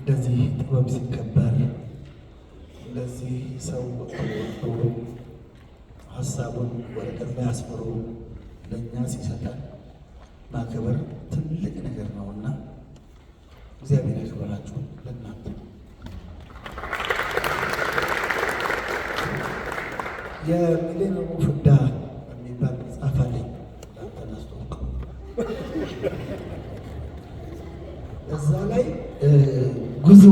እንደዚህ ጥበብ ሲከበር እንደዚህ ሰው ወጥቶ ሀሳቡን ወረቀት ላይ አስፍሮ ለእኛ ሲሰጠን ማክበር ትልቅ ነገር ነውና እግዚአብሔር ያክብራችሁ። ለእናንተ የሚሌኒየሙ ፍዳ የሚባል መጽሐፍ አለኝ። እዛ ላይ ጉዞ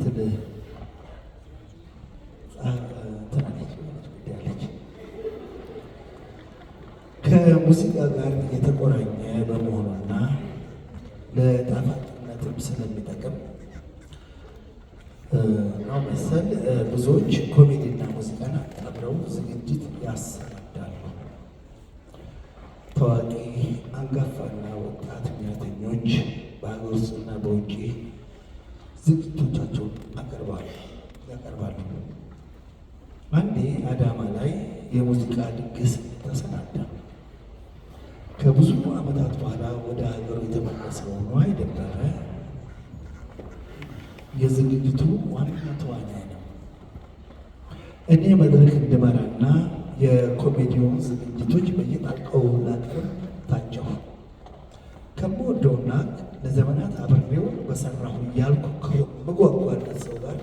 ምትል ከሙዚቃ ጋር የተቆራኘ በመሆኗና ለጣፋጭነትም ስለሚጠቅም ነው መሰል ብዙዎች ኮሜዲና ሙዚቃን አጣምረው ዝግጅት ያሰናዳሉ። ታዋቂ አንጋፋና ወጣት ሙያተኞች በውስጥና በውጭ ዝግጅቶቻቸውን ያቀርባሉ። አንዴ አዳማ ላይ የሙዚቃ ድግስ ተሰናዳ። ከብዙ ዓመታት በኋላ ወደ ሀገሩ የተመለሰው ነዋይ ደበረ የዝግጅቱ ዋና ተዋናይ ነው። እኔ መድረክ እንድመራና የኮሜዲዮን ዝግጅቶች በየጣቀው ላቀርብ ያልኩ ከመጓጓነት ሰው ጋር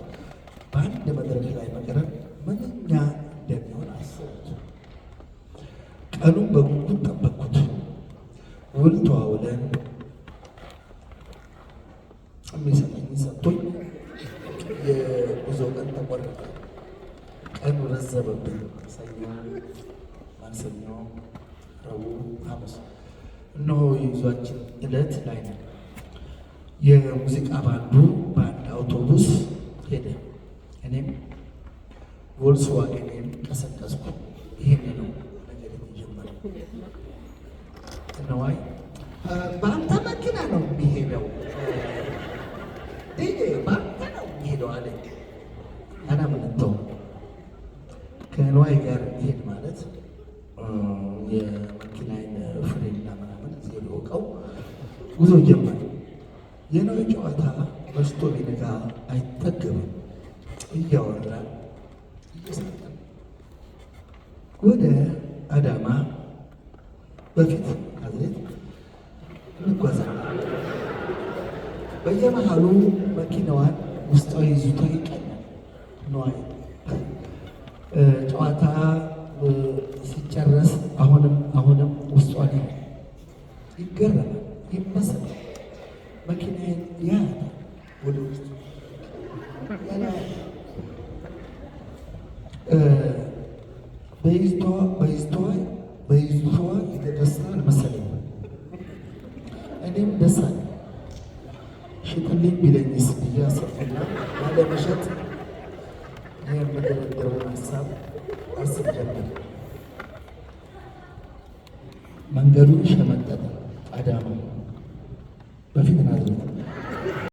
በአንድ መድረክ ላይ መቅረብ ምንኛ እንደሚሆን አሰቡት። ቀኑን በጉጉት ጠበቅኩት። ውል ተዋውለን የሚሰጠኝ ሰጥቶኝ የጉዞ ቀን ተቆረጠ። ቀኑ ረዘመብኝ። ሰኞ፣ ማክሰኞ፣ ረቡዕ፣ ሐሙስ እነሆ የጉዟችን ዕለት ላይ ነው። የሙዚቃ ባንዱ በአንድ አውቶቡስ ሄደ። እኔም ቮልስዋገኔን ቀሰቀስኩ። ይሄን ነው ነገር የሚጀምር ነዋይ በአንተ መኪና ነው የሚሄደው፣ በአንተ ነው የሚሄደው አለ። አና ምንተው ከነዋይ ጋር ይሄድ ማለት የመኪናዬን ፍሬና ምናምን ዜሮ እውቀው ጉዞ ጀመር። የነዌ ጨዋታ መስቶ ቢነጋ አይጠገብም። እያወራ እየሳቀን ወደ አዳማ በፊት አዝሬት እንጓዛለን። በየመሃሉ መኪናዋን ውስጣዊ ይዙታ ይቀናል ነዋይ ጨዋታ በይዝቷ በይዝቷ በይዝቷ የተደሳን መሰለኝ። እኔም ደሳ ሽጥልኝ ቢለኝስ ብዬ አሰብኩና ላለመሸጥ የምደረደረውን ሀሳብ አስብ ጀመር። መንገዱን ሸመጠጠ።